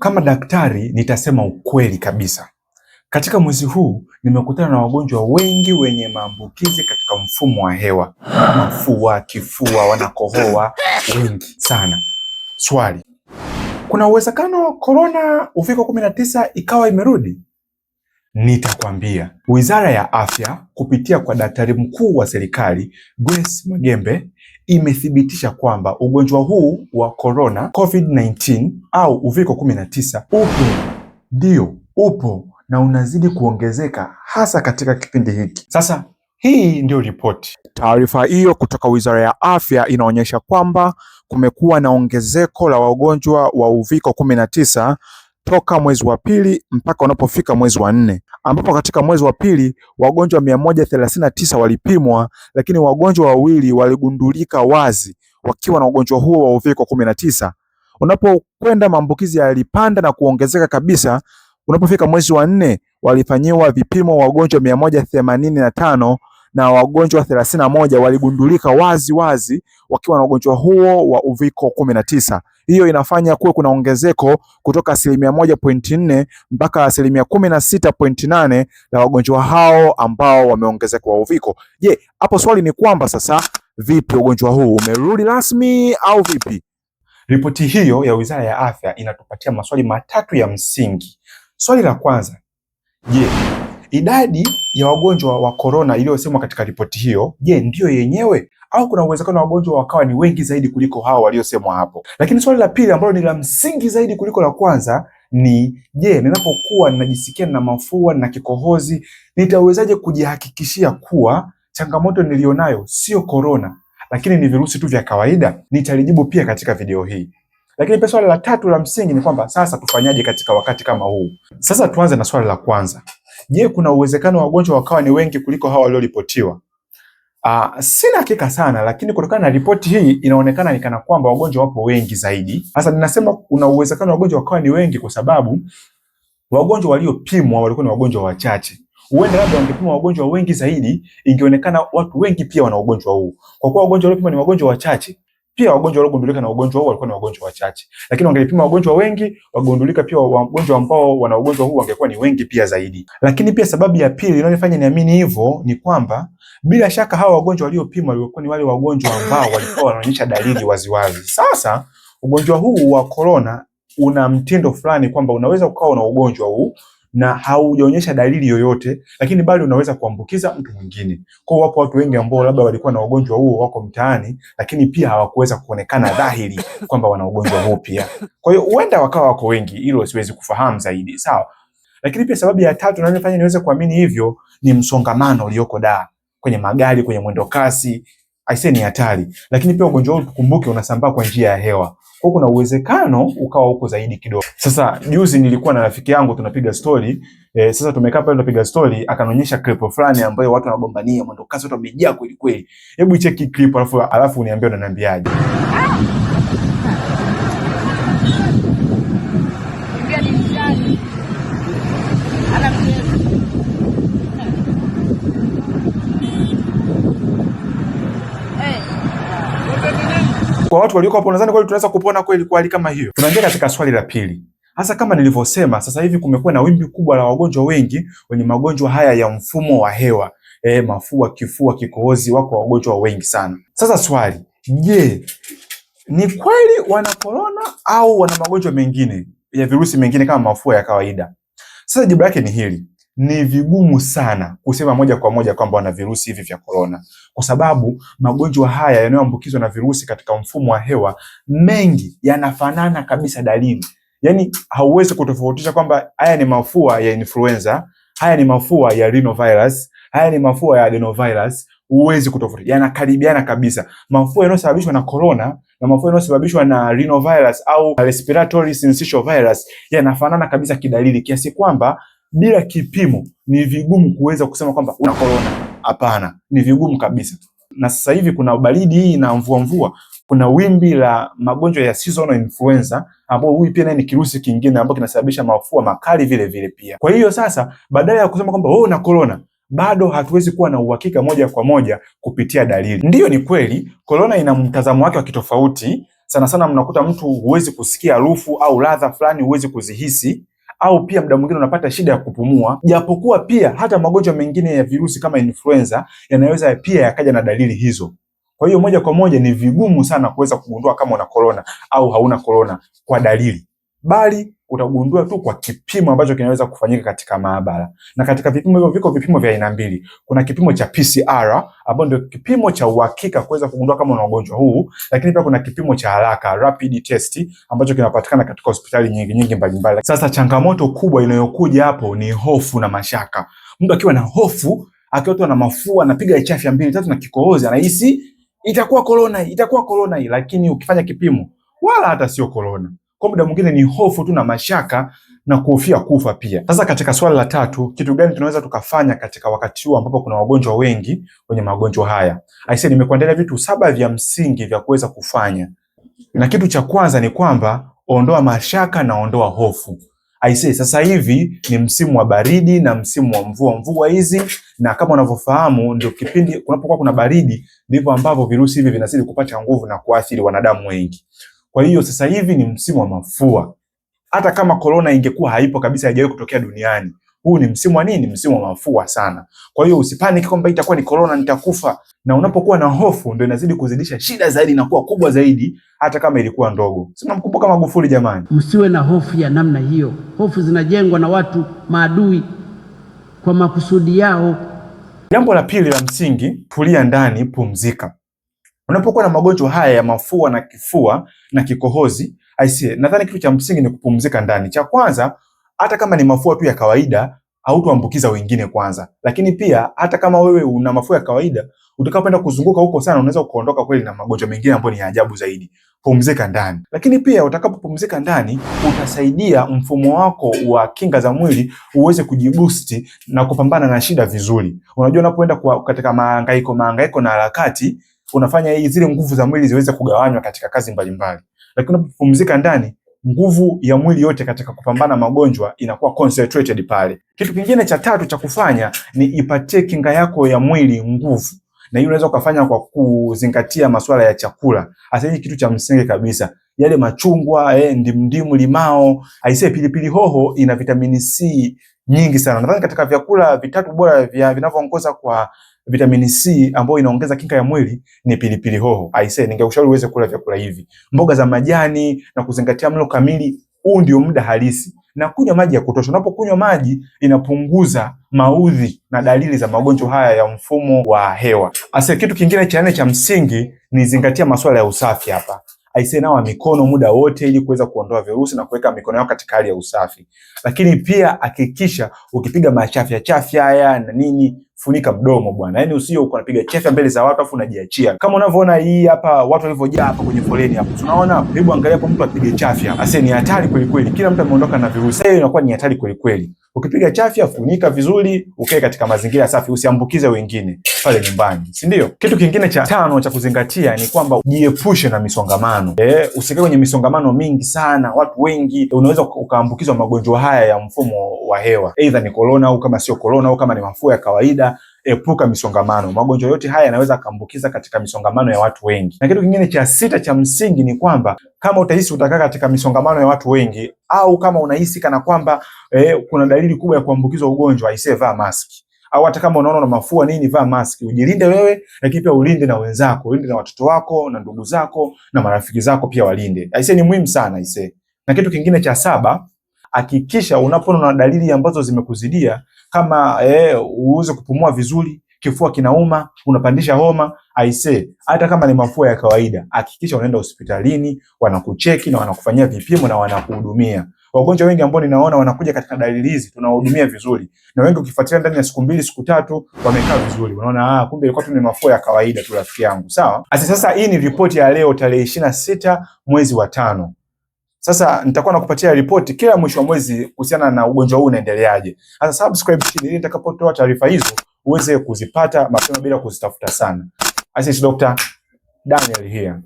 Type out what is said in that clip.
Kama daktari nitasema ukweli kabisa. Katika mwezi huu nimekutana na wagonjwa wengi wenye maambukizi katika mfumo wa hewa, mafua, kifua, wanakohoa wengi sana. Swali, kuna uwezekano korona uviko 19 ikawa imerudi? Nitakwambia. Wizara ya Afya kupitia kwa daktari mkuu wa serikali Grace Magembe imethibitisha kwamba ugonjwa huu wa corona COVID-19 au uviko 19 upo, ndio upo na unazidi kuongezeka hasa katika kipindi hiki. Sasa hii ndio ripoti. Taarifa hiyo kutoka Wizara ya Afya inaonyesha kwamba kumekuwa na ongezeko la wagonjwa wa uviko 19 toka mwezi wa pili mpaka unapofika mwezi wa nne, ambapo katika mwezi wa pili wagonjwa mia moja na tisa walipimwa, lakini wagonjwa wawili waligundulika wazi wakiwa na ugonjwa huo wa uviko kumi na tisa. Unapokwenda maambukizi yalipanda na kuongezeka kabisa. Unapofika mwezi wa nne walifanyiwa vipimo wagonjwa mia moja themanini na tano na wagonjwa 31 moja waligundulika wazi wazi wakiwa na ugonjwa huo wa uviko kumi na tisa. Hiyo inafanya kuwe kuna ongezeko kutoka asilimia moja pointi nne mpaka asilimia kumi na sita nane la wagonjwa hao ambao wameongezeka wa uviko. Je, hapo swali ni kwamba sasa vipi ugonjwa huu umerudi rasmi au vipi? Ripoti hiyo ya Wizara ya Afya inatupatia maswali matatu ya msingi. Swali la kwanza, je, Idadi ya wagonjwa wa korona iliyosemwa katika ripoti hiyo, je, ndiyo yenyewe au kuna uwezekano wa wagonjwa wakawa ni wengi zaidi kuliko hao waliosemwa hapo? Lakini swali la pili ambalo ni la msingi zaidi kuliko la kwanza ni je, ninapokuwa ninajisikia na mafua na kikohozi, nitawezaje kujihakikishia kuwa changamoto nilionayo sio korona, lakini ni virusi tu vya kawaida? Nitalijibu pia katika video hii. Lakini pia swali la tatu la msingi ni kwamba sasa tufanyaje katika wakati kama huu? Sasa tuanze na swali la kwanza. Je, kuna uwezekano wagonjwa wakawa ni wengi kuliko hawa walioripotiwa? Uh, sina hakika sana lakini kutokana na ripoti hii inaonekana ni kana kwamba wagonjwa wapo wengi zaidi. Sasa ninasema kuna uwezekano wagonjwa wakawa ni wengi kwa sababu wagonjwa waliopimwa walikuwa ni wagonjwa wachache. Huenda labda wangepima wagonjwa wengi zaidi, ingeonekana watu wengi pia wana ugonjwa huu. Kwa kuwa wagonjwa waliopimwa ni wagonjwa wachache, pia wagonjwa waliogundulika na ugonjwa huu walikuwa ni wagonjwa wachache, lakini wangelipima wagonjwa wengi wagundulika pia, wagonjwa ambao wana ugonjwa huu wangekuwa ni wengi pia zaidi. Lakini pia sababu ya pili inayonifanya niamini hivyo ni kwamba bila shaka hawa wagonjwa waliopima walikuwa ni wale wagonjwa ambao walikuwa wanaonyesha dalili waziwazi. Sasa ugonjwa huu wa korona una mtindo fulani kwamba unaweza ukawa na ugonjwa huu na haujaonyesha dalili yoyote, lakini bado unaweza kuambukiza mtu mwingine. Kwa hiyo wapo watu wengi ambao labda walikuwa na ugonjwa huo wako mtaani, lakini pia hawakuweza kuonekana dhahiri kwamba wana ugonjwa huo pia. Kwa hiyo huenda wakawa wako wengi, hilo siwezi kufahamu zaidi, sawa. Lakini pia sababu ya tatu inayofanya niweze kuamini hivyo ni msongamano ulioko da kwenye magari, kwenye mwendo kasi. Aisee, ni hatari. Lakini pia ugonjwa huu tukumbuke, unasambaa kwa njia ya hewa kwa kuna uwezekano ukawa huko zaidi kidogo. Sasa juzi nilikuwa na rafiki yangu tunapiga stori e, eh, sasa tumekaa pale tunapiga stori akanionyesha clip fulani ambayo watu wanagombania mwendo kasi, watu wamejaa kweli kweli. Hebu cheki clip alafu alafu uniambie unaniambiaje. Ah! kwa watu walioko hapo, nadhani kweli tunaweza kupona kweli kwa hali kama hiyo. Tunaingia katika swali la pili. Hasa kama nilivyosema, sasa hivi kumekuwa na wimbi kubwa la wagonjwa wengi wenye magonjwa haya ya mfumo wa hewa, e, mafua, kifua, kikohozi, wako wagonjwa wengi sana. Sasa swali, je, ni kweli wana korona au wana magonjwa mengine ya virusi mengine kama mafua ya kawaida? Sasa jibu lake ni hili ni vigumu sana kusema moja kwa moja kwamba wana virusi hivi vya korona, kwa sababu magonjwa haya yanayoambukizwa na virusi katika mfumo wa hewa mengi yanafanana kabisa dalili, yaani hauwezi kutofautisha kwamba haya ni mafua ya influenza, haya ni mafua ya rhinovirus, haya ni mafua ya adenovirus huwezi kutofauti, yanakaribiana kabisa. Mafua yanayosababishwa na corona na mafua yanayosababishwa na rhinovirus au respiratory syncytial virus yanafanana kabisa kidalili, kiasi kwamba bila kipimo ni vigumu kuweza kusema kwamba una korona. Hapana, ni vigumu kabisa. Na sasa hivi kuna baridi hii na mvua mvua, kuna wimbi la magonjwa ya seasonal influenza, ambao huyu pia naye ni kirusi kingine ambao kinasababisha mafua makali vile vile pia. Kwa hiyo sasa, badala ya kusema kwamba wewe oh, una korona bado hatuwezi kuwa na uhakika moja kwa moja kupitia dalili. Ndiyo, ni kweli korona ina mtazamo wake wa kitofauti. Sana sana mnakuta mtu huwezi kusikia harufu au ladha fulani, huwezi kuzihisi au pia muda mwingine unapata shida ya kupumua, japokuwa pia hata magonjwa mengine ya virusi kama influenza yanaweza pia yakaja na dalili hizo. Kwa hiyo moja kwa moja ni vigumu sana kuweza kugundua kama una korona au hauna korona kwa dalili, bali utagundua tu kwa kipimo ambacho kinaweza kufanyika katika maabara. Na katika vipimo hivyo viko vipimo vya aina mbili. Kuna kipimo cha PCR ambao ndio kipimo cha uhakika kuweza kugundua kama una ugonjwa huu, lakini pia kuna kipimo cha haraka rapid test ambacho kinapatikana katika hospitali nyingi nyingi mbalimbali. Sasa changamoto kubwa inayokuja hapo ni hofu na mashaka. Mtu akiwa na hofu, akiwa tu na mafua, anapiga ichafu ya mbili tatu na kikohozi, anahisi itakuwa corona, itakuwa corona, hii, lakini ukifanya kipimo wala hata sio corona kwa muda mwingine ni hofu tu na mashaka na kuhofia kufa pia. Sasa katika swala la tatu, kitu gani tunaweza tukafanya katika wakati huu ambapo kuna wagonjwa wengi wenye magonjwa haya? Aise, nimekuandalia vitu saba vya msingi vya kuweza kufanya, na kitu cha kwanza ni kwamba ondoa mashaka na ondoa hofu. Aise, sasa hivi ni msimu wa baridi na msimu wa mvua mvua hizi, na kama unavyofahamu ndio kipindi kunapokuwa kuna baridi, ndivyo ambavyo virusi hivi vinazidi kupata nguvu na kuathiri wanadamu wengi. Kwa hiyo sasa hivi ni msimu wa mafua. Hata kama korona ingekuwa haipo kabisa, haijawahi kutokea duniani, huu ni msimu wa nini? Msimu wa mafua sana. Kwa hiyo usipaniki kwamba itakuwa ni korona, nitakufa. Na unapokuwa na hofu, ndio inazidi kuzidisha shida zaidi na kuwa kubwa zaidi, hata kama ilikuwa ndogo. Si mnamkumbuka Magufuli jamani? Msiwe na hofu ya namna hiyo. Hofu zinajengwa na watu maadui kwa makusudi yao. Jambo la pili la msingi, tulia ndani, pumzika. Unapokuwa na magonjwa haya ya mafua na kifua na kikohozi aisee, nadhani kitu cha msingi ni kupumzika ndani. Cha kwanza, hata kama ni mafua tu ya kawaida hautoambukiza wengine kwanza, lakini pia hata kama wewe una mafua ya kawaida utakapoenda kuzunguka huko sana, unaweza kuondoka kweli na magonjwa mengine ambayo ni ya ajabu zaidi. Pumzika ndani, lakini pia utakapopumzika ndani utasaidia mfumo wako wa kinga za mwili uweze kujiboost na kupambana na shida vizuri. Unajua, unapoenda katika mahangaiko mahangaiko na harakati unafanya hii zile nguvu za mwili ziweze kugawanywa katika kazi mbalimbali, lakini unapopumzika ndani nguvu ya mwili yote katika kupambana magonjwa inakuwa concentrated pale. Kitu kingine cha tatu cha kufanya ni ipatie kinga yako ya mwili nguvu, na hii unaweza ukafanya kwa kuzingatia masuala ya chakula. Hasa hii kitu cha msingi kabisa, yale machungwa eh, ndimdimu, limao, aisee, pilipili hoho ina vitamini C nyingi sana. Nadhani katika vyakula vitatu bora vinavyoongoza kwa vitamini C ambayo inaongeza kinga ya mwili ni pilipili hoho. say ningekushauri uweze kula vyakula hivi, mboga za majani na kuzingatia mlo kamili. Huu ndio muda halisi na kunywa maji ya kutosha. Unapokunywa maji inapunguza maudhi na dalili za magonjwa haya ya mfumo wa hewa. Asa, kitu kingine cha nne cha msingi ni zingatia masuala ya usafi hapa aisee nawa mikono muda wote ili kuweza kuondoa virusi na kuweka mikono yako katika hali ya usafi. Lakini pia hakikisha ukipiga machafya chafya haya na nini, funika mdomo bwana, yaani usio uko unapiga chafya mbele za watu afu unajiachia kama unavyoona hii hapa, watu walivyojaa hapa kwenye foleni hapo, tunaona Hebu angalia hapo, mtu apige chafya, ase ni hatari kweli kweli, kila mtu ameondoka na virusi. Hiyo inakuwa ni hatari kweli kweli. Ukipiga chafya funika vizuri, ukae katika mazingira safi, usiambukize wengine pale nyumbani, si ndio? Kitu kingine cha tano cha kuzingatia ni kwamba jiepushe na misongamano e, usikae kwenye misongamano mingi sana, watu wengi, unaweza ukaambukizwa magonjwa haya ya mfumo wa hewa, aidha ni korona au kama sio korona au kama ni mafua ya kawaida epuka misongamano. Magonjwa yote haya yanaweza kuambukiza katika misongamano ya watu wengi. Na kitu kingine cha sita cha msingi ni kwamba kama utahisi utakaa katika misongamano ya watu wengi au kama unahisi kana kwamba eh, kuna dalili kubwa ya kuambukizwa ugonjwa, aisee, vaa maski au hata kama unaona na mafua nini, vaa maski, ujilinde wewe, lakini pia ulinde na wenzako, ulinde na watoto wako na ndugu zako na marafiki zako pia walinde. Aisee, ni muhimu sana aisee. Na kitu kingine cha saba hakikisha unapoona na dalili ambazo zimekuzidia kama eh, uweze kupumua vizuri, kifua kinauma, unapandisha homa, aise, hata kama ni mafua ya kawaida, hakikisha unaenda hospitalini, wanakucheki na wanakufanyia vipimo na wanakuhudumia. Wagonjwa wengi ambao ninaona wanakuja katika dalili hizi tunawahudumia vizuri, na wengi ukifuatilia ndani ya siku mbili siku tatu wamekaa vizuri, unaona ah, kumbe ilikuwa tu ni mafua ya kawaida tu, rafiki yangu. Sawa. Sasa hii ni ripoti ya leo tarehe ishirini na sita mwezi wa tano. Sasa nitakuwa nakupatia ripoti kila mwisho wa mwezi kuhusiana na ugonjwa huu unaendeleaje. Sasa subscribe chini ili nitakapotoa taarifa hizo uweze kuzipata mapema bila kuzitafuta sana. Asante Dr. Daniel here.